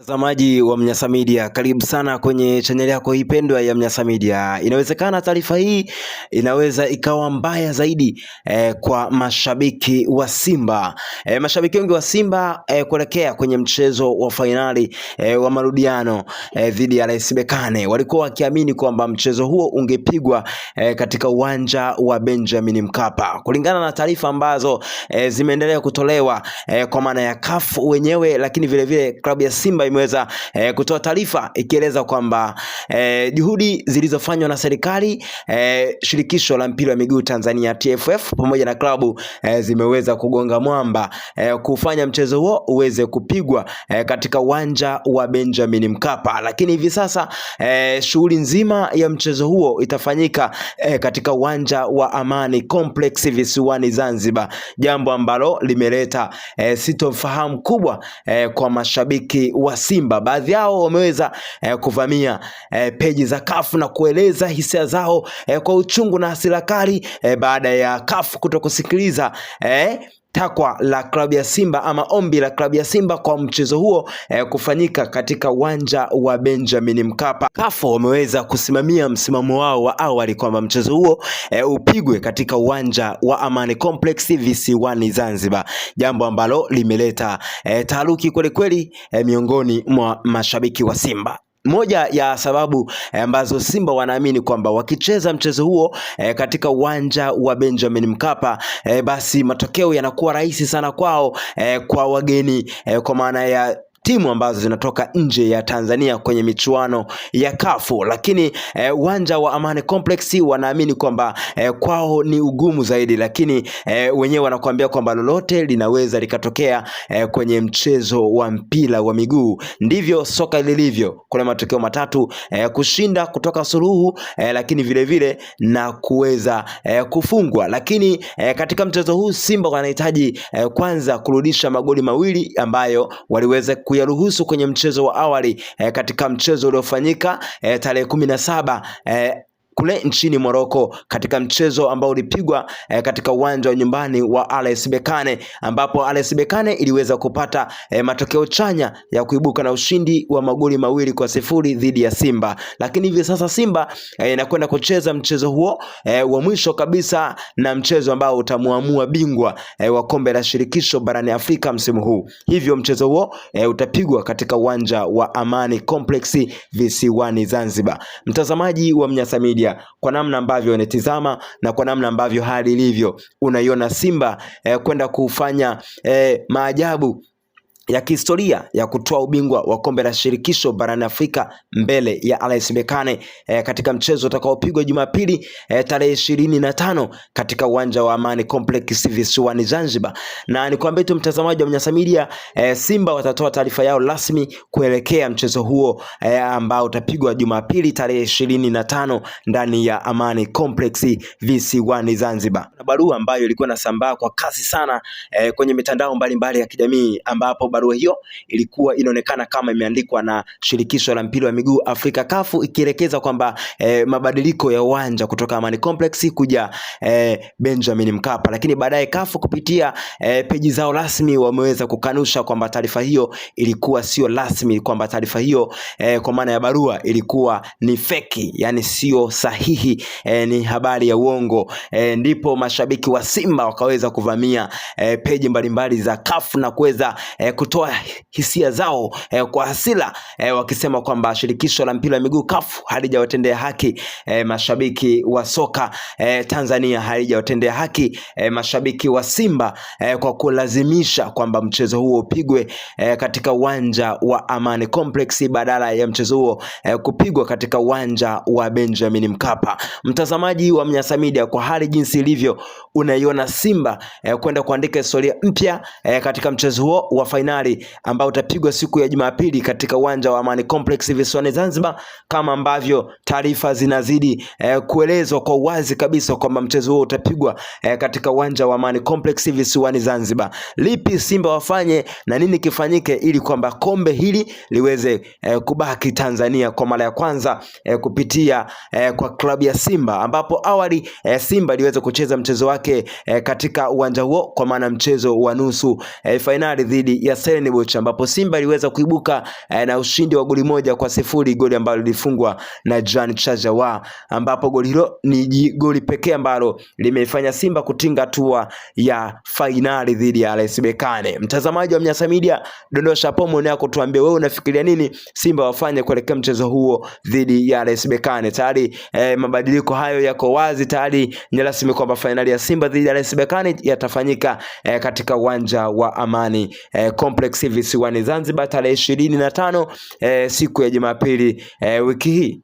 Mtazamaji wa Mnyasa Media, karibu sana kwenye chaneli yako ipendwa ya Mnyasa Media. Inawezekana taarifa hii inaweza ikawa mbaya zaidi eh, kwa mashabiki wa Simba eh, mashabiki wengi wa Simba eh, kuelekea kwenye mchezo wa fainali eh, wa marudiano eh, dhidi ya RS Berkane walikuwa wakiamini kwamba mchezo huo ungepigwa eh, katika uwanja wa Benjamin Mkapa kulingana na taarifa ambazo eh, zimeendelea kutolewa eh, kwa maana ya CAF wenyewe, lakini vilevile klabu ya Simba imeweza eh, kutoa taarifa ikieleza kwamba eh, juhudi zilizofanywa na serikali eh, shirikisho la mpira wa miguu Tanzania TFF pamoja na klabu eh, zimeweza kugonga mwamba eh, kufanya mchezo huo uweze kupigwa eh, katika uwanja wa Benjamin Mkapa, lakini hivi sasa eh, shughuli nzima ya mchezo huo itafanyika eh, katika uwanja wa Amani Complex visiwani Zanzibar, jambo ambalo limeleta eh, sitofahamu kubwa eh, kwa mashabiki wa Simba. Baadhi yao wameweza eh, kuvamia eh, peji za kafu na kueleza hisia zao eh, kwa uchungu na hasira kali eh, baada ya kafu kutokusikiliza eh, takwa la klabu ya Simba ama ombi la klabu ya Simba kwa mchezo huo eh, kufanyika katika uwanja wa Benjamin Mkapa. Kafu wameweza kusimamia msimamo wao wa awali kwamba mchezo huo eh, upigwe katika uwanja wa Amani Complex visiwani Zanzibar, jambo ambalo limeleta eh, taharuki kwelikweli eh, miongoni mwa mashabiki wa Simba moja ya sababu eh, ambazo Simba wanaamini kwamba wakicheza mchezo huo eh, katika uwanja wa Benjamin Mkapa eh, basi matokeo yanakuwa rahisi sana kwao eh, kwa wageni eh, kwa maana ya timu ambazo zinatoka nje ya Tanzania kwenye michuano ya kafu lakini eh, uwanja eh, wa Amani Complex wanaamini kwamba eh, kwao ni ugumu zaidi, lakini eh, wenyewe wanakuambia kwamba lolote linaweza likatokea eh, kwenye mchezo wa mpira wa miguu. Ndivyo soka lilivyo, kuna matokeo matatu eh, kushinda, kutoka suluhu eh, lakini vile vile na kuweza eh, kufungwa. Lakini eh, katika mchezo huu Simba wanahitaji eh, kwanza kurudisha magoli mawili ambayo waliweza kuya aliyaruhusu kwenye mchezo wa awali eh, katika mchezo uliofanyika eh, tarehe kumi na saba eh, kule nchini Morocco katika mchezo ambao ulipigwa eh, katika uwanja wa nyumbani wa RS Berkane ambapo RS Berkane iliweza kupata eh, matokeo chanya ya kuibuka na ushindi wa magoli mawili kwa sifuri dhidi ya Simba, lakini hivi sasa Simba eh, inakwenda eh, kucheza mchezo huo eh, wa mwisho kabisa na mchezo ambao utamuamua bingwa eh, wa kombe la shirikisho barani Afrika msimu huu. Hivyo mchezo huo eh, utapigwa katika uwanja wa Amani Complex visiwani Zanzibar. Mtazamaji wa Mnyasa Media kuangalia kwa namna ambavyo unatizama na kwa namna ambavyo hali ilivyo, unaiona Simba eh, kwenda kufanya eh, maajabu ya kihistoria ya kutoa ubingwa wa kombe la shirikisho barani Afrika mbele ya RS Berkane e, eh, katika mchezo utakaopigwa Jumapili e, tarehe ishirini na tano katika uwanja wa Amani Complex visiwani Zanzibar. Na nikwambie tu mtazamaji wa Mnyasa Media e, Simba watatoa taarifa yao rasmi kuelekea mchezo huo e, ambao utapigwa Jumapili tarehe ishirini na tano ndani ya Amani Complex visiwani Zanzibar. Na barua ambayo ilikuwa inasambaa kwa kasi sana e, kwenye mitandao mbalimbali mbali ya kijamii ambapo barua hiyo ilikuwa inaonekana kama imeandikwa na shirikisho la mpira wa miguu Afrika kafu ikielekeza kwamba eh, mabadiliko ya uwanja kutoka Amani Complex kuja eh, Benjamin Mkapa, lakini baadaye kafu kupitia eh, peji zao rasmi wameweza kukanusha kwamba taarifa hiyo ilikuwa sio rasmi, kwamba taarifa hiyo eh, kwa maana ya barua ilikuwa ni feki, yani sio sahihi eh, ni habari ya uongo eh, ndipo mashabiki wa Simba wakaweza kuvamia eh, peji mbalimbali za kafu na kuweza eh, kutoa hisia zao eh, kwa hasira eh, wakisema kwamba shirikisho la mpira wa miguu CAF halijawatendea haki eh, mashabiki wa soka eh, Tanzania, halijawatendea haki eh, mashabiki wa Simba eh, kwa kulazimisha kwamba mchezo huo upigwe eh, katika uwanja wa Amani Complex badala ya mchezo huo eh, kupigwa katika uwanja wa Benjamin Mkapa. Mtazamaji wa Mnyasa Media, kwa hali jinsi ilivyo, unaiona Simba eh, kwenda kuandika historia mpya eh, katika mchezo huo wa fainali fainali ambao utapigwa siku ya Jumapili katika uwanja wa Amani Complex visiwani Zanzibar, kama ambavyo taarifa zinazidi eh, kuelezwa kwa uwazi kabisa kwamba mchezo huo utapigwa eh, katika uwanja wa Amani Complex visiwani Zanzibar. Lipi Simba wafanye na nini kifanyike ili kwamba kombe hili liweze eh, kubaki Tanzania kwa mara ya kwanza eh, kupitia eh, kwa klabu ya Simba ambapo awali eh, Simba iliweza kucheza mchezo wake eh, katika uwanja huo kwa maana mchezo wa nusu eh, fainali dhidi ya Stellenbosch ambapo Simba iliweza kuibuka eh, na ushindi wa goli moja kwa sifuri, goli ambalo lilifungwa na Jean Chajawa, ambapo goli hilo ni goli pekee ambalo limeifanya Simba kutinga hatua ya fainali dhidi ya RS Berkane. Mtazamaji wa Mnyasa Media, dondosha pomo maoni yako, tuambie wewe unafikiria nini Simba wafanye kuelekea mchezo huo dhidi ya RS Berkane. Tayari eh, mabadiliko hayo yako wazi tayari, ni rasmi kwamba fainali ya Simba dhidi ya RS Berkane yatafanyika eh, katika uwanja wa Amani eh, Complex visiwani Zanzibar tarehe ishirini na tano eh, siku ya Jumapili eh, wiki hii.